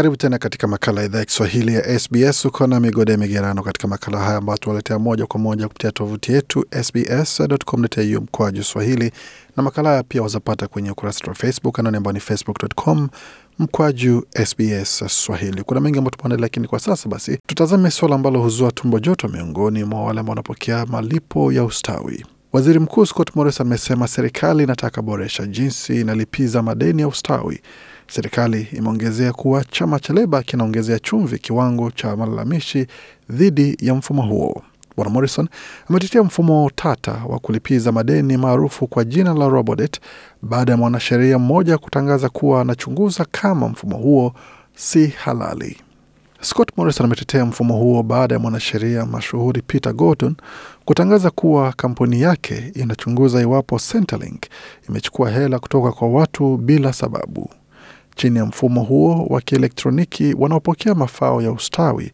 Karibu tena katika makala ya idhaa ya Kiswahili ya SBS. Uko na Migode Migerano katika makala haya ambayo tunaletea moja kwa moja kupitia tovuti yetu sbs.com.au mkoaju swahili, na makala haya pia wazapata kwenye ukurasa wa Facebook anani ambao ni facebook.com mkwaju SBS Swahili. Kuna mengi ambayo tumeandalia, lakini kwa sasa basi tutazame suala ambalo huzua tumbo joto miongoni mwa wale ambao wanapokea malipo ya ustawi. Waziri Mkuu Scott Morrison amesema serikali inataka boresha jinsi inalipiza madeni ya ustawi Serikali imeongezea kuwa chama cha Leba kinaongezea chumvi kiwango cha malalamishi dhidi ya mfumo huo. Bwana Morrison ametetea mfumo tata wa kulipiza madeni maarufu kwa jina la Robodebt baada ya mwanasheria mmoja kutangaza kuwa anachunguza kama mfumo huo si halali. Scott Morrison ametetea mfumo huo baada ya mwanasheria mashuhuri Peter Gordon kutangaza kuwa kampuni yake inachunguza iwapo Centrelink imechukua hela kutoka kwa watu bila sababu. Chini ya mfumo huo wa kielektroniki, wanaopokea mafao ya ustawi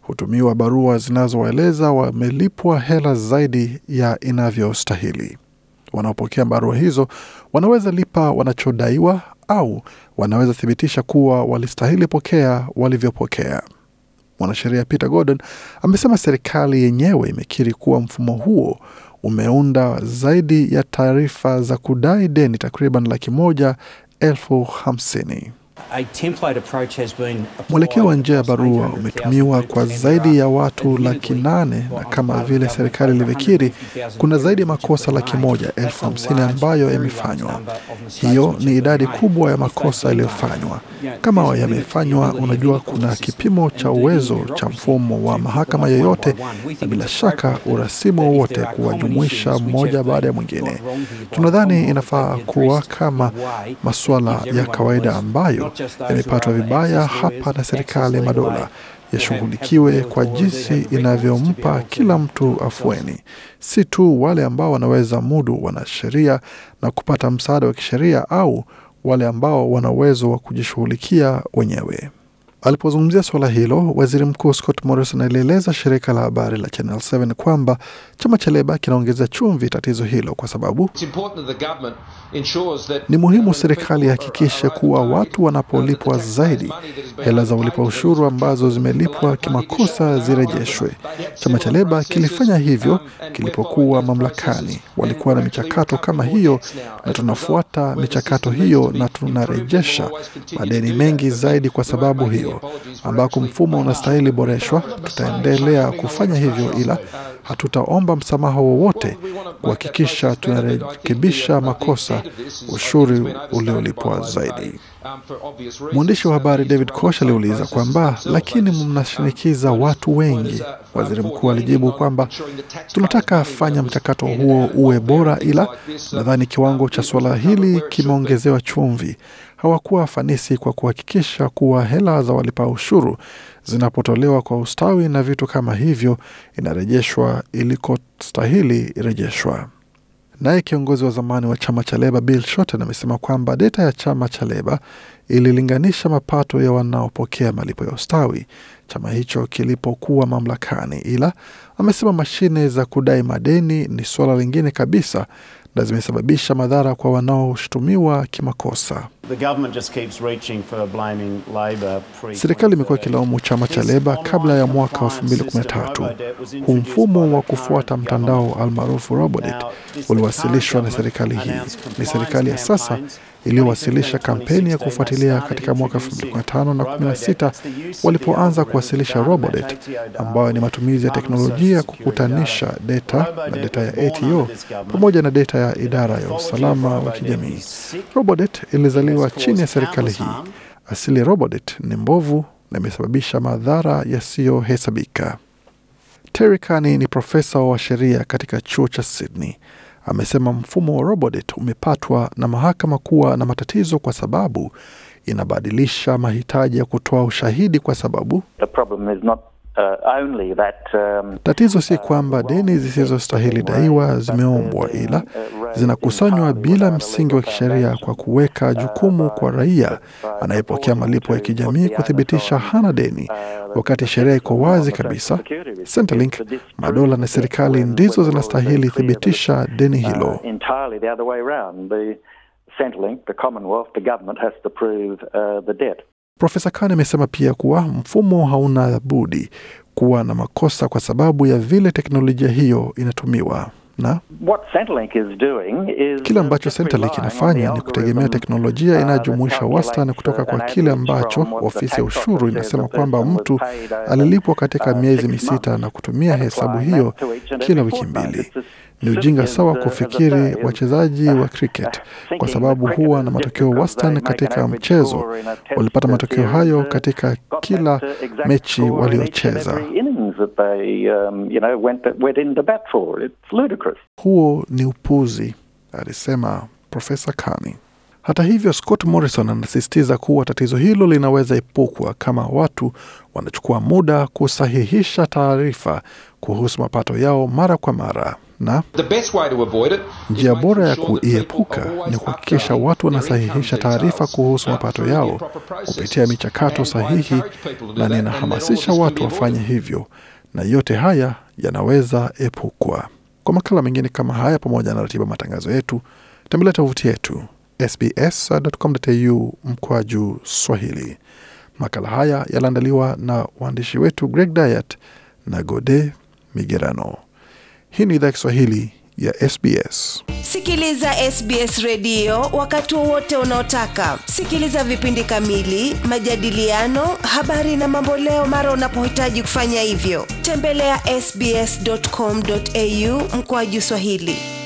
hutumiwa barua zinazowaeleza wamelipwa hela zaidi ya inavyostahili. Wanaopokea barua hizo wanaweza lipa wanachodaiwa au wanaweza thibitisha kuwa walistahili pokea walivyopokea. Mwanasheria Peter Gordon amesema serikali yenyewe imekiri kuwa mfumo huo umeunda zaidi ya taarifa za kudai deni takriban laki moja 1050 جنيه Mwelekeo wa njia ya barua umetumiwa kwa zaidi ya uh, watu laki nane na kama vile serikali ilivyokiri, kuna zaidi ya makosa laki moja elfu hamsini ambayo yamefanywa. Hiyo ni idadi kubwa ya makosa uh, yaliyofanywa. Kama yamefanywa, unajua kuna kipimo cha uwezo cha mfumo wa mahakama yoyote, na bila shaka urasimu wowote kuwajumuisha mmoja baada ya mwingine. Tunadhani inafaa kuwa kama masuala ya kawaida ambayo imepatwa yaani yamepatwa vibaya hapa na serikali madola yashughulikiwe kwa jinsi inavyompa kila mtu afueni, si tu wale ambao wanaweza mudu wanasheria na kupata msaada wa kisheria au wale ambao wana uwezo wa kujishughulikia wenyewe. Alipozungumzia suala hilo, waziri mkuu Scott Morrison alieleza shirika la habari la Channel 7 kwamba chama cha Leba kinaongeza chumvi tatizo hilo kwa sababu ni muhimu serikali ihakikishe kuwa watu wanapolipwa zaidi, hela za ulipa ushuru ambazo zimelipwa kimakosa zirejeshwe. Chama cha Leba kilifanya um, hivyo kilipokuwa mamlakani, walikuwa na michakato kama hiyo, na tunafuata michakato hiyo na tunarejesha madeni mengi zaidi kwa sababu hiyo ambako mfumo unastahili boreshwa. Tutaendelea kufanya hivyo, ila hatutaomba msamaha wowote kuhakikisha tunarekebisha uh, makosa, ushuri uliolipwa zaidi. Um, Mwandishi wa uh, habari David Kosh aliuliza kwamba lakini mnashinikiza um, watu wengi. Uh, Waziri mkuu alijibu kwamba tunataka fanya mchakato huo uwe bora, ila nadhani kiwango cha um, suala hili kimeongezewa chumvi hawakuwa fanisi kwa kuhakikisha kuwa hela za walipa ushuru zinapotolewa kwa ustawi na vitu kama hivyo inarejeshwa ilikostahili irejeshwa. Naye kiongozi wa zamani wa chama cha Leba Bill Shorten amesema kwamba data ya chama cha Leba ililinganisha mapato ya wanaopokea malipo ya ustawi chama hicho kilipokuwa mamlakani, ila amesema mashine za kudai madeni ni suala lingine kabisa na zimesababisha madhara kwa wanaoshutumiwa kimakosa. Serikali imekuwa ikilaumu chama cha Leba kabla ya mwaka wa 2013. Huu mfumo wa kufuata mtandao almaarufu Robonet uliwasilishwa na serikali hii. Ni serikali ya sasa iliyowasilisha kampeni ya kufuatilia katika mwaka 2015 na 16 walipoanza kuwasilisha Robonet, ambayo ni matumizi ya teknolojia ya kukutanisha data na data ya ATO pamoja na data ya idara ya usalama wa kijamii. Robonet ilizaliwa wa chini ya serikali hii. Asili ya ni mbovu na imesababisha madhara yasiyohesabika. Terry Kani ni profesa wa sheria katika chuo cha Sydney. Amesema mfumo wa robodit umepatwa na mahakama kuwa na matatizo kwa sababu inabadilisha mahitaji ya kutoa ushahidi kwa sababu Uh, um, Tatizo si uh, kwamba deni zisizostahili daiwa zimeombwa, uh, ila zinakusanywa bila msingi wa kisheria, kwa kuweka jukumu kwa raia anayepokea malipo ya kijamii kuthibitisha hana deni, wakati sheria iko wazi kabisa. Centrelink, madola na serikali ndizo zinastahili thibitisha deni hilo. Profesa Khan amesema pia kuwa mfumo hauna budi kuwa na makosa kwa sababu ya vile teknolojia hiyo inatumiwa na kile ambacho Centrelink inafanya ni kutegemea uh, teknolojia inayojumuisha wastani kutoka kwa kile ambacho ofisi ya ushuru inasema kwamba mtu uh, alilipwa katika uh, miezi misita na kutumia hesabu hiyo kila wiki mbili. Ni ujinga sawa kufikiri wachezaji wa cricket, kwa sababu huwa na matokeo wastani katika mchezo. Walipata matokeo hayo katika kila mechi waliocheza. Um, Huo ni upuzi, alisema Profesa Kani. Hata hivyo, Scott Morrison anasisitiza kuwa tatizo hilo linaweza epukwa kama watu wanachukua muda kusahihisha taarifa kuhusu mapato yao mara kwa mara na njia bora ya kuiepuka ni kuhakikisha watu wanasahihisha taarifa kuhusu mapato yao kupitia michakato sahihi, na ninahamasisha watu wafanye hivyo, na yote haya yanaweza epukwa. Kwa makala mengine kama haya, pamoja na ratiba matangazo yetu, tembelea tovuti yetu sbs.com.au mkwaju Swahili. Makala haya yaliandaliwa na waandishi wetu Greg Diet na Gode Migerano. Hii ni idhaa Kiswahili ya SBS. Sikiliza SBS redio wakati wowote unaotaka. Sikiliza vipindi kamili, majadiliano, habari na mambo leo mara unapohitaji kufanya hivyo. Tembelea ya sbs.com.au juu Swahili.